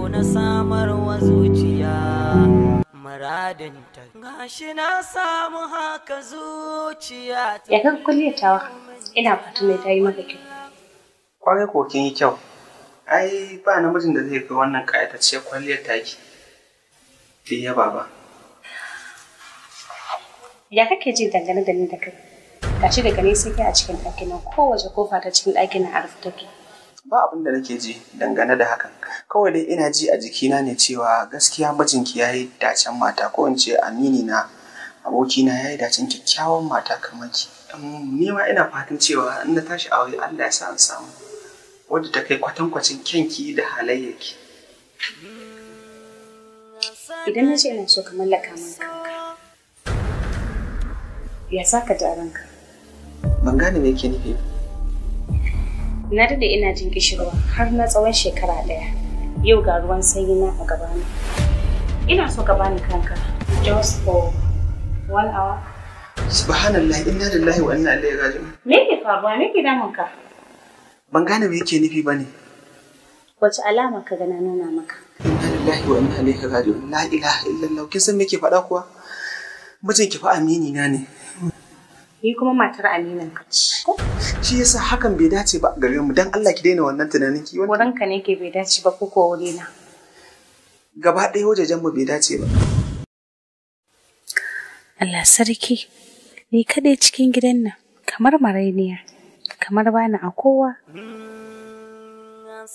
so na samarwa zuciya muradinta gashi na samu haka zuciya ya kan kulliyatawa ina fatan mai ta yi maka kyau kwaye ko kin yi kyau ai ba namijin da zai ga wannan ƙayatacce kwalliyar taki ki ya baba ya kake ji dangane da ni da kai gashi daga nesa ke a cikin ɗakin nan kowace kofa ta cikin ɗakin na a take ba abin da nake ji dangane da hakan kawai dai ina ji a jikina ne cewa gaskiya mijinki ya yi dacen mata ko in ce amini na abokina ya yi dacen kyakkyawan mata kamar ki ni ma ina fatan cewa in na tashi aure Allah ya sa in samu wadda ta kai kwatankwacin kyanki da halayyarki idan na ce ina so ka mallaka min kanka ya saka ji ranka ban gane me yake nufi ba Na dade ina jin kishirwa har na tsawon shekara ɗaya. Yau ga ruwan sanyi na a ni Ina so ka bani kanka just for one hour. Subhanallah inna lillahi wa inna ilaihi raji'un. Me ke faruwa me ke damun ka? Ban gane me yake nufi bane. Wace alama ka gana nuna maka? Inna lillahi wa inna ilaihi raji'un. La ilaha illallah. Kin san me ke faɗa kuwa? ki fa amini na ne. Ni kuma matar aminin ka ce. shi yasa hakan bai dace ba gare mu dan Allah ki daina wannan tunanin ki wannan wurinka ne ke bai dace ba ko wuri wurina gaba ɗaya wajajen mu bai dace ba Allah sarki ni kaɗai cikin gidan nan kamar marainiya kamar bani a kowa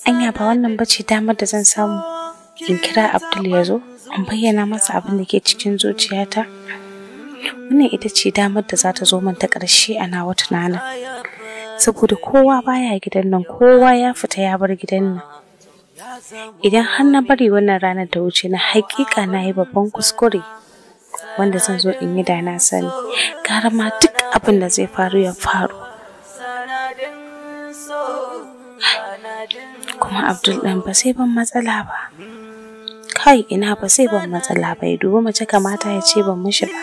anya ba wannan bace damar da zan samu in kira abdul ya zo in bayyana masa abin da ke cikin zuciyata wannan ita ce damar da za ta zo min ta ƙarshe a nawa tunanin saboda kowa baya gidan nan kowa ya fita ya bar gidan nan idan har na bari wannan ranar ta wuce na haƙiƙa na yi babban kuskure wanda zan zo in yi da na sani gara ma duk abin da zai faru ya faru kuma abdul ɗan ba sai ban matsala ba kai ina ba sai ban matsala ba ya dubi mace kamata ya ce ban mishi ba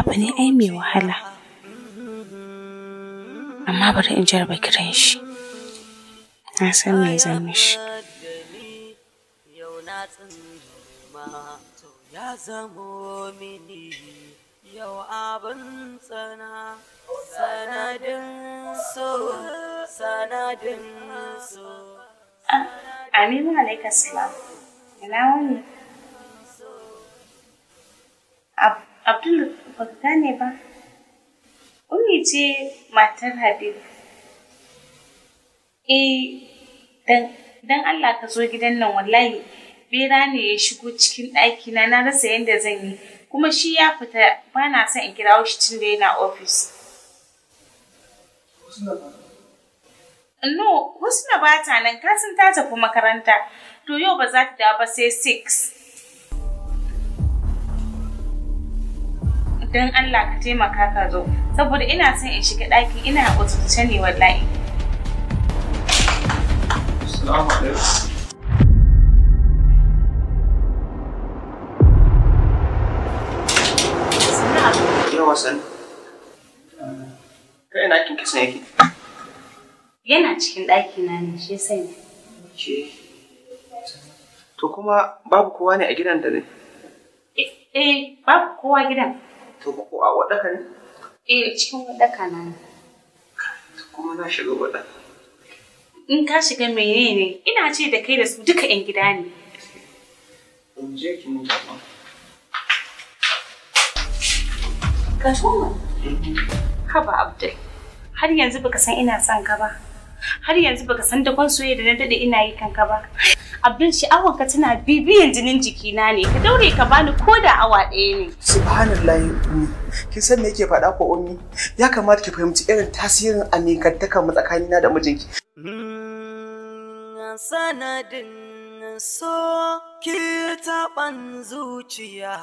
abu ne ai mai wahala amma bari in jarba kiran shi na san me zan mishi ya zamo mini yau abin tsana sanadin abdul ne ba Umi ce matar Habib. e dan Allah ka zo gidan nan wallahi bera ne ya shigo cikin ɗakina na rasa yadda zan yi kuma shi ya fita ba na son in kirawo shi tun da yana ofis. No, Husna ba ta nan, kasan ta tafi makaranta, to yau ba za ta dawo ba sai 6. don Allah ka taimaka ka zo saboda ina son in shiga ɗakin ina haƙurce ne wallahi. Assalamu alaikum. Kai na kin kisa yake? Yana cikin ɗaki na ne shi sai. Ce. To kuma babu kowa ne a gidan da ne? Eh, eh babu kowa gidan. To ba ko a waɗaka ne? Eh cikin waɗaka na. Kuma na shiga waɗaka. In ka shiga menene ina ce da kai da su duka 'yan gida ne. In je ki mun gaba. Ka tuma. Mm-hmm. Haba Abdul. Har yanzu baka san ina son ka ba. Har yanzu baka san dakon soyayya da na dade ina yi kanka ba. Abin sha'awar ka tana bibiyan jinin jikina ne ka daure ka bani ko da awa ɗaya ne. Subhanallahi ummi kin san me yake faɗa ko ummi ya kamata ki fahimci irin tasirin amintaka mu na da mijinki. Mm, sanadin so ki taɓan zuciya.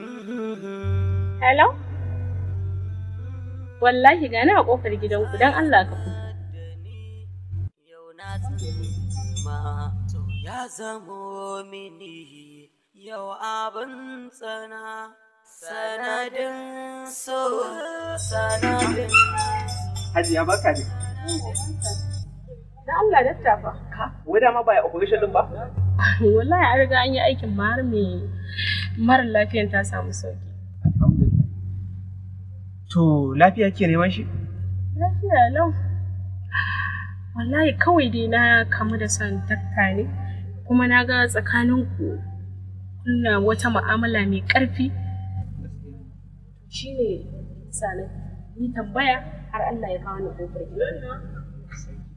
Mm-hmm. Hello? Wallahi gani a ƙofar gidanku dan Allah ka ku. ya zamo mini yau abin tsana sanadin so sanadin hajiya baka ne da Allah dattafa ka wai ma ba ya operation din ba wallahi an riga an yi aikin mar me mara lafiyar ta samu sauki to lafiya ke neman shi lafiya lau wallahi kawai dai na kamu da son takka ne kuma na ga tsakaninku kuna wata mu'amala mai ƙarfi shi ne ni tambaya har Allah ya kawo ni kofar gida.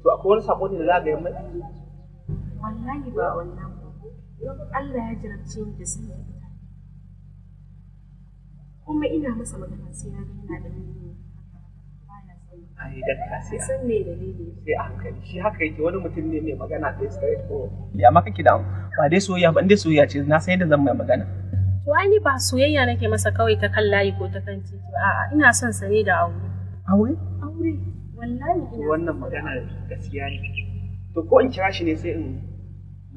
To akwai wani sako ne da za ga yamma? Wallahi ba wannan Allah ya jarabce ni da sanin kuma ina masa magana sai na da ni ne sai a hankali shi haka yake wani mutum ne mai magana da straight forward ya maka ki da ba dai soyayya ba dai soyayya ce na sai da zan mai magana to ni ba soyayya nake masa kawai ta kan layi ko ta kan titi a'a ina son sa ne da aure aure aure wallahi ina wannan magana gaskiya ne to ko in kira shi ne sai in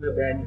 mai bayani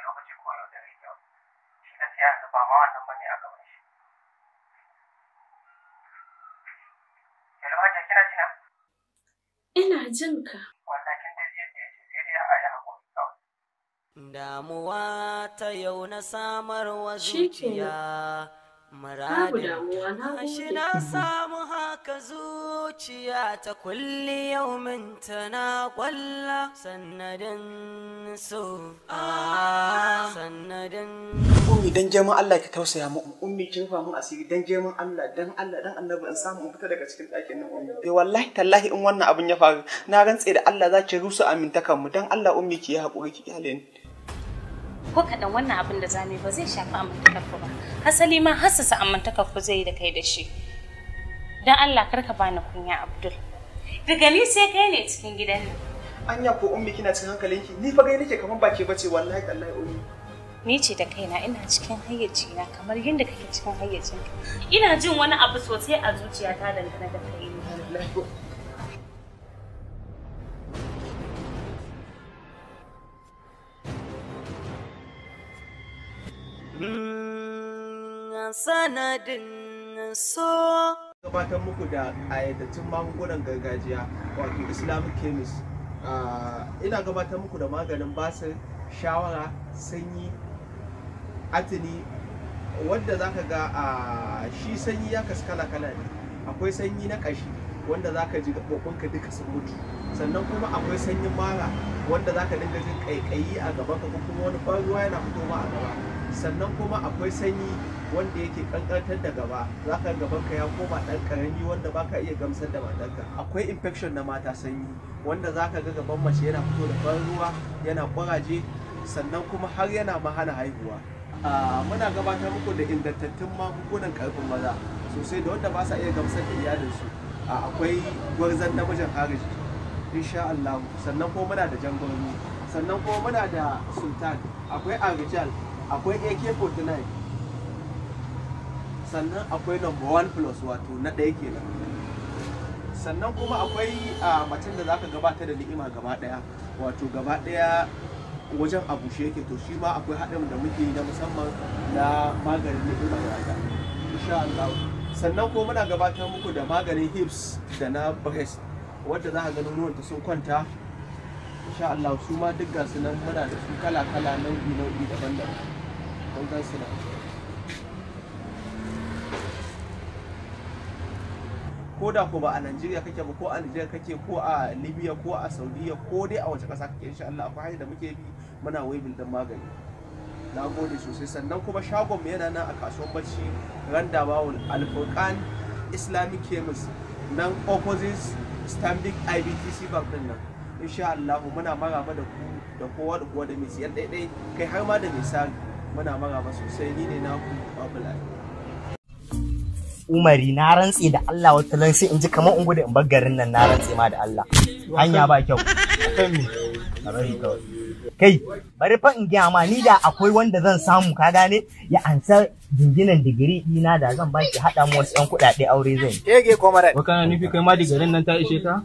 ya yanzu ba ma wannan bane a gaban shi Hello Hajiya kina jina? Ina jin ka. Wannan kin dai yadda yake sai dai a yi hakuri kawai. Damuwa ta yau na samarwa zuciya. Muradin shi na samu haka zuciya ta kulli yaumin ta na kwalla sannadin so ah, sannadin ummi dan girman Allah ki tausaya mu ummi kin fa mun asiri dan girman Allah dan Allah dan annabi in samu in fita daga cikin dakin nan ummi eh wallahi tallahi in wannan abin ya faru na rantse da Allah za ki rusa amintakan mu dan Allah ummi ki yi hakuri ki kyale ni ko kaɗan wannan abin da zamu ba zai shafi amintakar ku ba hasali ma hasasa amintakar ku zai yi da kai da shi dan Allah kar ka bani kunya Abdul daga ni sai kai ne cikin gidan nan anya ko ummi kina cikin hankalinki ni fa gai nake kamar ba ke bace wallahi tallahi ummi ni ce da kaina ina cikin hayyacina kamar yadda kake cikin hayyacinka ina jin wani abu sosai a zuciyata dangane da kai sanadin so gabatar muku da ayyadattun magungunan gargajiya wato islamic chemist ah, ina gabatar muku da maganin basir shawara sanyi atini wadda za ka ga a shi sanyi ya kasu kala-kala ne akwai sanyi na ƙashi wanda za ka ji ka duka sun mutu sannan kuma akwai sanyin mara wanda za ka dinga jin ƙaiƙayi a gaban ka kuma wani ban ruwa yana fito ma a gaba sannan kuma akwai sanyi wanda yake kankantar da gaba za ka gaban ka ya koma ɗan ƙarami wanda ba ka iya gamsar da matarka akwai infection na mata sanyi wanda za ka ga gaban mace yana fito da ban ruwa yana ƙuraje sannan kuma har yana mahana haihuwa muna gabatar muku da ingantattun magungunan karfin maza sosai da wanda ba sa iya gamsar da iyalinsu akwai gwarzon namijin haraji insha Allah sannan kuma muna da jan gwarzo sannan kuma muna da sultan akwai arijal akwai ak-49 sannan akwai number one plus wato na ɗaya kenan sannan kuma akwai a macin da za ka gabata da ni'ima gaba ɗaya wato gaba ɗaya wajen a bushe yake to shi ma akwai haɗin da muke na musamman na maganin da da wata insha Allah sannan ko muna gabatar muku da maganin hips da na breast wadda za a ga ta sun kwanta insha Allah su ma duk gasu nan muna da su kala kala nau'i nau'i daban-daban don gasu nan ko da ko ba a Najeriya kake ba ko a nigeria kake ko a Libya ko a Saudiya ko dai a wace ƙasa kake insha Allah akwai hanyar da muke bi muna waibin din magani na gode sosai sannan kuma shagon yana nan a kasuwar bacci randa bawon alfurkan islamic chemist nan opposite standing ibtc bank din nan insha allahu muna marama da ku da kowa da kowa da mai siyan daidai kai har ma da mai sari muna marama sosai ni ne na ku babula umari na rantse da Allah wata lan sai in ji kamar in gudu in bar garin nan na rantse ma da Allah hanya ba kyau kan me a bari kawai kai bari fa in gaya ma ni da akwai wanda zan samu ka gane ya ansa jinginan digiri dina da zan baki haɗa mu wasu ɗan kuɗaɗe aure zai. Ege komare. Wa kana nufi kai ma digirin nan ta ishe ka?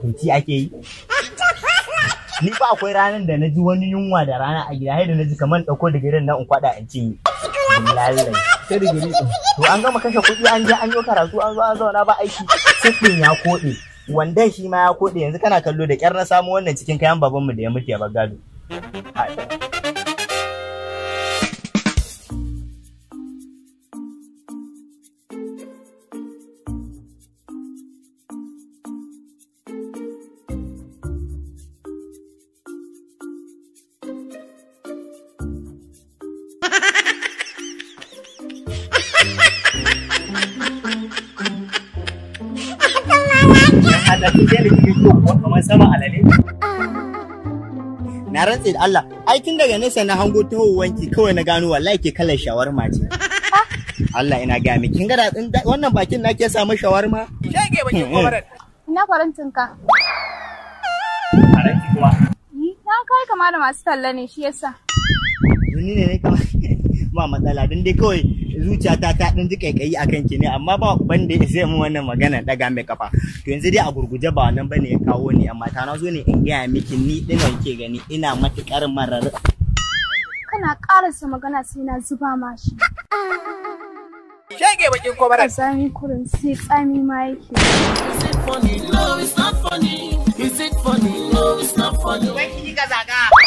Tunci ake yi. Ni fa akwai ranar da na ji wani yunwa da rana a gida da na ji kamar ɗauko digirin nan in kwaɗa in ci. Lallai. digiri To an gama kashe kuɗi an je an yi karatu an zo an zauna ba aiki. Sifin ya koɗe. wanda shi ma ya koɗe yanzu kana kallo da ƙyar na samu wannan cikin kayan babanmu da ya mutu ya bagado. はい那今天的这个诱惑，我们什么来了？na rantse da Allah ai tun daga nesa na hango wanki kawai na gano wallahi ke kalar shawarma ce Allah ina ga miki kin ga wannan bakin na ke samu shawarma shege baki eh, eh. kwamaran ina farantin ka faranti kuma na kai kama da masu talla ne shi yasa ni ne ne kama ba matsala don dai kawai zuciya ta ɗan ji kai a kanki ne amma ba ban da zai mu wannan magana daga mai kafa to yanzu dai a gurguje ba wannan bane ya kawo ni amma ta na ne in gaya miki ni ɗinan ke gani ina matuƙar marar kana ƙarasa magana sai na zuba mashi shege bakin kwamaran tsami kurin sai tsami ma yake is it funny no it's not funny is it funny no it's not funny wai kiji ka zaga